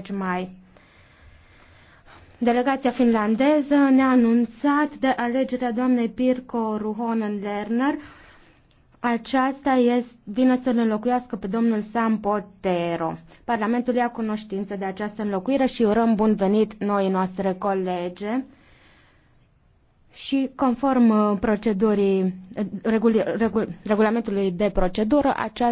20 deci mai. Delegația finlandeză ne-a anunțat de alegerea doamnei Pirko Ruhonen Lerner. Aceasta este, vine să l înlocuiască pe domnul Sam Potero. Parlamentul ia cunoștință de această înlocuire și urăm bun venit noi noastre colege. Și conform uh, procedurii, uh, regul, regul, regulamentului de procedură, această